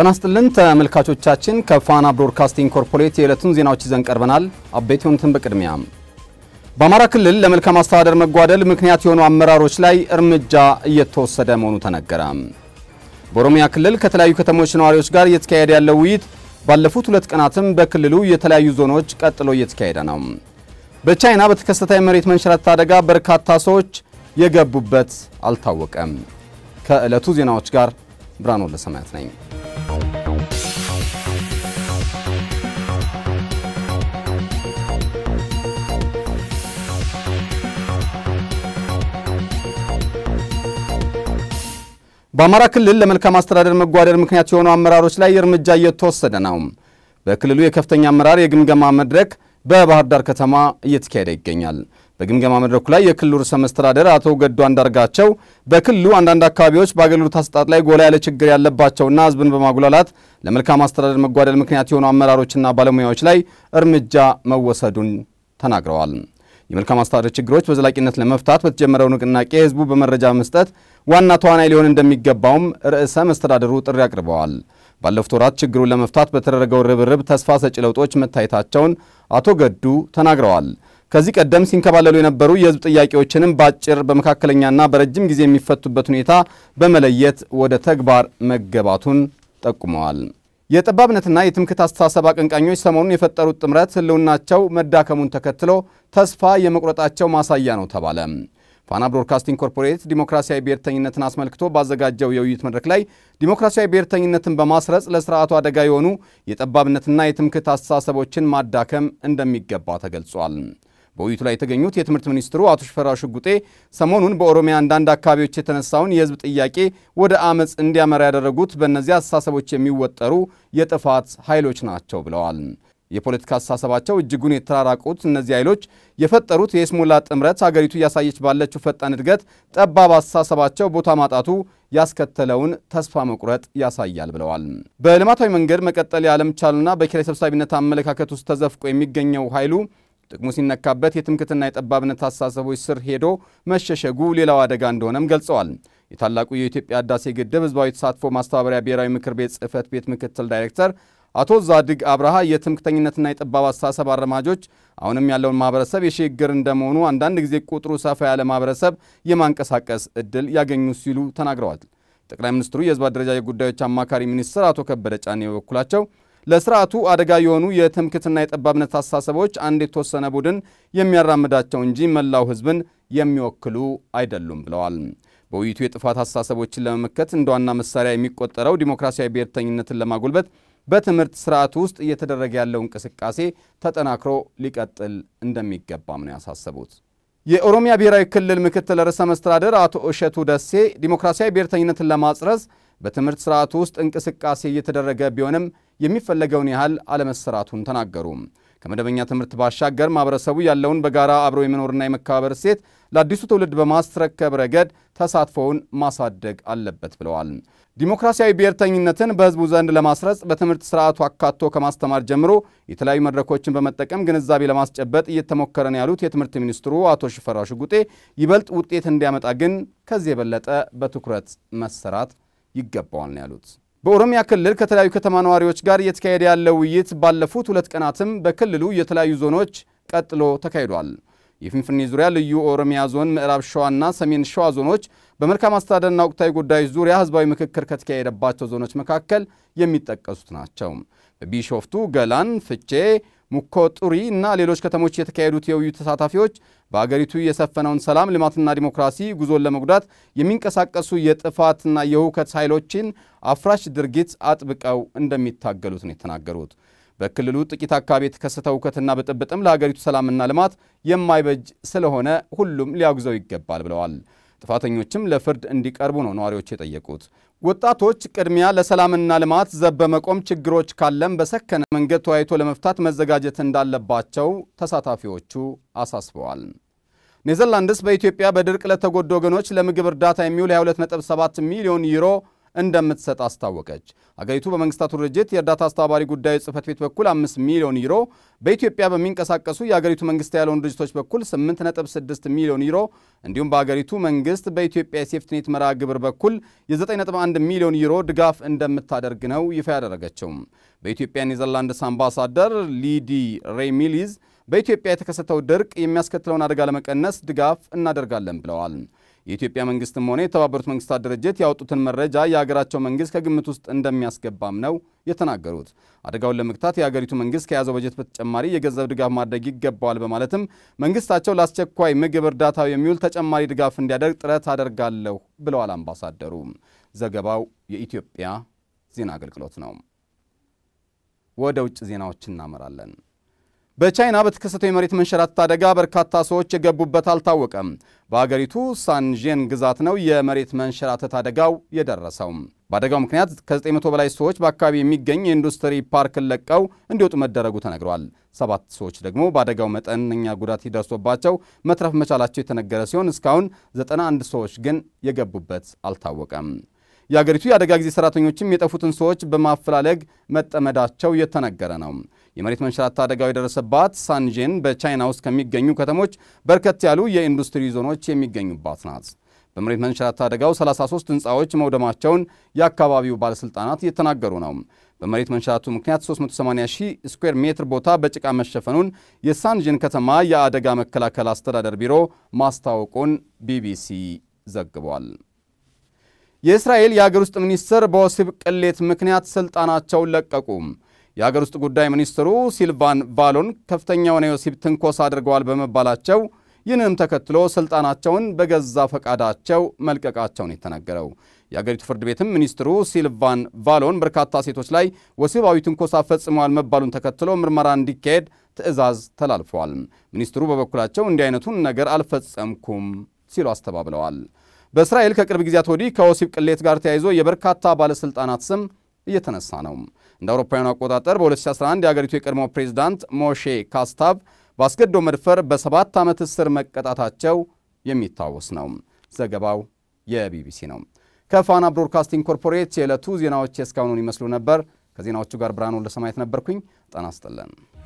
ጤና ይስጥልን ተመልካቾቻችን፣ ከፋና ብሮድካስቲንግ ኮርፖሬት የዕለቱን ዜናዎች ይዘን ቀርበናል። አበይት የሆኑትን በቅድሚያ በአማራ ክልል ለመልካም አስተዳደር መጓደል ምክንያት የሆኑ አመራሮች ላይ እርምጃ እየተወሰደ መሆኑ ተነገረ። በኦሮሚያ ክልል ከተለያዩ ከተሞች ነዋሪዎች ጋር እየተካሄደ ያለው ውይይት ባለፉት ሁለት ቀናትም በክልሉ የተለያዩ ዞኖች ቀጥሎ እየተካሄደ ነው። በቻይና በተከሰተ የመሬት መንሸራተት አደጋ በርካታ ሰዎች የገቡበት አልታወቀም። ከዕለቱ ዜናዎች ጋር ብርሃኑ ለሰማያት ነኝ። በአማራ ክልል ለመልካም አስተዳደር መጓደል ምክንያት የሆኑ አመራሮች ላይ እርምጃ እየተወሰደ ነው። በክልሉ የከፍተኛ አመራር የግምገማ መድረክ በባህር ዳር ከተማ እየተካሄደ ይገኛል። በግምገማ መድረኩ ላይ የክልሉ ርዕሰ መስተዳደር አቶ ገዱ አንዳርጋቸው በክልሉ አንዳንድ አካባቢዎች በአገልግሎት አሰጣጥ ላይ ጎላ ያለ ችግር ያለባቸውና ሕዝብን በማጉላላት ለመልካም አስተዳደር መጓደል ምክንያት የሆኑ አመራሮችና ባለሙያዎች ላይ እርምጃ መወሰዱን ተናግረዋል። የመልካም አስተዳደር ችግሮች በዘላቂነት ለመፍታት በተጀመረው ንቅናቄ ህዝቡ በመረጃ መስጠት ዋና ተዋናይ ሊሆን እንደሚገባውም ርዕሰ መስተዳድሩ ጥሪ አቅርበዋል። ባለፉት ወራት ችግሩን ለመፍታት በተደረገው ርብርብ ተስፋ ሰጪ ለውጦች መታየታቸውን አቶ ገዱ ተናግረዋል። ከዚህ ቀደም ሲንከባለሉ የነበሩ የህዝብ ጥያቄዎችንም በአጭር በመካከለኛና በረጅም ጊዜ የሚፈቱበት ሁኔታ በመለየት ወደ ተግባር መገባቱን ጠቁመዋል። የጠባብነትና የትምክህት አስተሳሰብ አቀንቃኞች ሰሞኑን የፈጠሩት ጥምረት ህልውናቸው መዳከሙን ተከትሎ ተስፋ የመቁረጣቸው ማሳያ ነው ተባለ። ፋና ብሮድካስቲንግ ኮርፖሬት ዲሞክራሲያዊ ብሔርተኝነትን አስመልክቶ ባዘጋጀው የውይይት መድረክ ላይ ዲሞክራሲያዊ ብሔርተኝነትን በማስረጽ ለስርዓቱ አደጋ የሆኑ የጠባብነትና የትምክህት አስተሳሰቦችን ማዳከም እንደሚገባ ተገልጿል። በውይይቱ ላይ የተገኙት የትምህርት ሚኒስትሩ አቶ ሽፈራው ሽጉጤ ሰሞኑን በኦሮሚያ አንዳንድ አካባቢዎች የተነሳውን የህዝብ ጥያቄ ወደ አመፅ እንዲያመራ ያደረጉት በእነዚህ አስተሳሰቦች የሚወጠሩ የጥፋት ኃይሎች ናቸው ብለዋል። የፖለቲካ አስተሳሰባቸው እጅጉን የተራራቁት እነዚህ ኃይሎች የፈጠሩት የስሙላ ጥምረት አገሪቱ እያሳየች ባለችው ፈጣን እድገት ጠባብ አስተሳሰባቸው ቦታ ማጣቱ ያስከተለውን ተስፋ መቁረጥ ያሳያል ብለዋል። በልማታዊ መንገድ መቀጠል ያለመቻሉና በኪራይ ሰብሳቢነት አመለካከት ውስጥ ተዘፍቆ የሚገኘው ኃይሉ ጥቅሙ ሲነካበት የትምክትና የጠባብነት አስተሳሰቦች ስር ሄዶ መሸሸጉ ሌላው አደጋ እንደሆነም ገልጸዋል። የታላቁ የኢትዮጵያ ህዳሴ ግድብ ህዝባዊ ተሳትፎ ማስተባበሪያ ብሔራዊ ምክር ቤት ጽህፈት ቤት ምክትል ዳይሬክተር አቶ ዛድግ አብርሃ የትምክተኝነትና የጠባብ አስተሳሰብ አራማጆች አሁንም ያለውን ማህበረሰብ የሽግግር እንደመሆኑ አንዳንድ ጊዜ ቁጥሩ ሰፋ ያለ ማህበረሰብ የማንቀሳቀስ እድል ያገኙ ሲሉ ተናግረዋል። ጠቅላይ ሚኒስትሩ የህዝብ አደረጃጀት ጉዳዮች አማካሪ ሚኒስትር አቶ ከበደ ጫኔ በበኩላቸው ለስርዓቱ አደጋ የሆኑ የትምክትና የጠባብነት አስተሳሰቦች አንድ የተወሰነ ቡድን የሚያራምዳቸው እንጂ መላው ህዝብን የሚወክሉ አይደሉም ብለዋል። በውይይቱ የጥፋት አስተሳሰቦችን ለመመከት እንደ ዋና መሳሪያ የሚቆጠረው ዲሞክራሲያዊ ብሔርተኝነትን ለማጎልበት በትምህርት ስርዓቱ ውስጥ እየተደረገ ያለው እንቅስቃሴ ተጠናክሮ ሊቀጥል እንደሚገባም ነው ያሳሰቡት። የኦሮሚያ ብሔራዊ ክልል ምክትል ርዕሰ መስተዳደር አቶ እሸቱ ደሴ ዲሞክራሲያዊ ብሔርተኝነትን ለማጽረስ በትምህርት ስርዓቱ ውስጥ እንቅስቃሴ እየተደረገ ቢሆንም የሚፈለገውን ያህል አለመሰራቱን ተናገሩ። ከመደበኛ ትምህርት ባሻገር ማህበረሰቡ ያለውን በጋራ አብሮ የመኖርና የመከባበር ሴት ለአዲሱ ትውልድ በማስረከብ ረገድ ተሳትፎውን ማሳደግ አለበት ብለዋል። ዲሞክራሲያዊ ብሔርተኝነትን በህዝቡ ዘንድ ለማስረጽ በትምህርት ስርዓቱ አካቶ ከማስተማር ጀምሮ የተለያዩ መድረኮችን በመጠቀም ግንዛቤ ለማስጨበጥ እየተሞከረ ነው ያሉት የትምህርት ሚኒስትሩ አቶ ሽፈራው ሽጉጤ ይበልጥ ውጤት እንዲያመጣ ግን ከዚህ የበለጠ በትኩረት መሰራት ይገባዋል ነው ያሉት። በኦሮሚያ ክልል ከተለያዩ ከተማ ነዋሪዎች ጋር እየተካሄደ ያለው ውይይት ባለፉት ሁለት ቀናትም በክልሉ የተለያዩ ዞኖች ቀጥሎ ተካሂዷል። የፍንፍኔ ዙሪያ ልዩ ኦሮሚያ ዞን፣ ምዕራብ ሸዋና ሰሜን ሸዋ ዞኖች በመልካም አስተዳደርና ወቅታዊ ጉዳዮች ዙሪያ ህዝባዊ ምክክር ከተካሄደባቸው ዞኖች መካከል የሚጠቀሱት ናቸው። በቢሾፍቱ ገላን፣ ፍቼ ሙኮ ጡሪ እና ሌሎች ከተሞች የተካሄዱት የውይይቱ ተሳታፊዎች በአገሪቱ የሰፈነውን ሰላም ልማትና ዲሞክራሲ ጉዞን ለመጉዳት የሚንቀሳቀሱ የጥፋትና የሁከት ኃይሎችን አፍራሽ ድርጊት አጥብቀው እንደሚታገሉት ነው የተናገሩት። በክልሉ ጥቂት አካባቢ የተከሰተ ሁከትና ብጥብጥም ለሀገሪቱ ሰላምና ልማት የማይበጅ ስለሆነ ሁሉም ሊያጉዘው ይገባል ብለዋል። ጥፋተኞችም ለፍርድ እንዲቀርቡ ነው ነዋሪዎች የጠየቁት። ወጣቶች ቅድሚያ ለሰላምና ልማት ዘብ በመቆም ችግሮች ካለም በሰከነ መንገድ ተወያይቶ ለመፍታት መዘጋጀት እንዳለባቸው ተሳታፊዎቹ አሳስበዋል። ኔዘርላንድስ በኢትዮጵያ በድርቅ ለተጎዱ ወገኖች ለምግብ እርዳታ የሚውል 22.7 ሚሊዮን ዩሮ እንደምትሰጥ አስታወቀች። አገሪቱ በመንግስታቱ ድርጅት የእርዳታ አስተባባሪ ጉዳዮች ጽህፈት ቤት በኩል 5 ሚሊዮን ዩሮ፣ በኢትዮጵያ በሚንቀሳቀሱ የአገሪቱ መንግስት ያለውን ድርጅቶች በኩል 8.6 ሚሊዮን ዩሮ እንዲሁም በአገሪቱ መንግስት በኢትዮጵያ የሴፍትኔት መርሃ ግብር በኩል የ9.1 ሚሊዮን ዩሮ ድጋፍ እንደምታደርግ ነው ይፋ ያደረገችው። በኢትዮጵያ ኔዘርላንድስ አምባሳደር ሊዲ ሬሚሊዝ በኢትዮጵያ የተከሰተው ድርቅ የሚያስከትለውን አደጋ ለመቀነስ ድጋፍ እናደርጋለን ብለዋል። የኢትዮጵያ መንግስትም ሆነ የተባበሩት መንግስታት ድርጅት ያወጡትን መረጃ የሀገራቸው መንግስት ከግምት ውስጥ እንደሚያስገባም ነው የተናገሩት። አደጋውን ለመግታት የሀገሪቱ መንግስት ከያዘው በጀት በተጨማሪ የገንዘብ ድጋፍ ማድረግ ይገባዋል በማለትም መንግስታቸው ለአስቸኳይ ምግብ እርዳታው የሚውል ተጨማሪ ድጋፍ እንዲያደርግ ጥረት አደርጋለሁ ብለዋል አምባሳደሩ። ዘገባው የኢትዮጵያ ዜና አገልግሎት ነው። ወደ ውጭ ዜናዎች እናመራለን። በቻይና በተከሰተው የመሬት መንሸራተት አደጋ በርካታ ሰዎች የገቡበት አልታወቀም። በአገሪቱ ሳንዤን ግዛት ነው የመሬት መንሸራተት አደጋው የደረሰው። በአደጋው ምክንያት ከ900 በላይ ሰዎች በአካባቢ የሚገኝ የኢንዱስትሪ ፓርክን ለቀው እንዲወጡ መደረጉ ተነግሯል። ሰባት ሰዎች ደግሞ በአደጋው መጠነኛ ጉዳት ደርሶባቸው መትረፍ መቻላቸው የተነገረ ሲሆን እስካሁን 91 ሰዎች ግን የገቡበት አልታወቀም። የአገሪቱ የአደጋ ጊዜ ሰራተኞችም የጠፉትን ሰዎች በማፈላለግ መጠመዳቸው የተነገረ ነው። የመሬት መንሸራተት አደጋው የደረሰባት ሳንጄን በቻይና ውስጥ ከሚገኙ ከተሞች በርከት ያሉ የኢንዱስትሪ ዞኖች የሚገኙባት ናት። በመሬት መንሸራተት አደጋው 33 ህንፃዎች መውደማቸውን የአካባቢው ባለሥልጣናት እየተናገሩ ነው። በመሬት መንሸራቱ ምክንያት 380 ሺህ ስኩዌር ሜትር ቦታ በጭቃ መሸፈኑን የሳንጄን ከተማ የአደጋ መከላከል አስተዳደር ቢሮ ማስታወቁን ቢቢሲ ዘግቧል። የእስራኤል የአገር ውስጥ ሚኒስትር በወሲብ ቅሌት ምክንያት ሥልጣናቸውን ለቀቁ። የአገር ውስጥ ጉዳይ ሚኒስትሩ ሲልቫን ባሎን ከፍተኛውን የወሲብ ትንኮሳ አድርገዋል በመባላቸው ይህንንም ተከትሎ ስልጣናቸውን በገዛ ፈቃዳቸው መልቀቃቸውን የተናገረው የአገሪቱ ፍርድ ቤትም ሚኒስትሩ ሲልቫን ቫሎን በርካታ ሴቶች ላይ ወሲባዊ ትንኮሳ ፈጽመዋል መባሉን ተከትሎ ምርመራ እንዲካሄድ ትዕዛዝ ተላልፈዋል። ሚኒስትሩ በበኩላቸው እንዲህ አይነቱን ነገር አልፈጸምኩም ሲሉ አስተባብለዋል። በእስራኤል ከቅርብ ጊዜያት ወዲህ ከወሲብ ቅሌት ጋር ተያይዞ የበርካታ ባለሥልጣናት ስም እየተነሳ ነው። እንደ አውሮፓውያኑ አቆጣጠር በ2011 የአገሪቱ የቀድሞ ፕሬዚዳንት ሞሼ ካስታቭ በአስገድዶ መድፈር በሰባት ዓመት እስር መቀጣታቸው የሚታወስ ነው። ዘገባው የቢቢሲ ነው። ከፋና ብሮድካስቲንግ ኮርፖሬት የዕለቱ ዜናዎች የእስካሁኑን ይመስሉ ነበር። ከዜናዎቹ ጋር ብርሃኑ ለሰማየት ነበርኩኝ። ጤና ይስጥልን።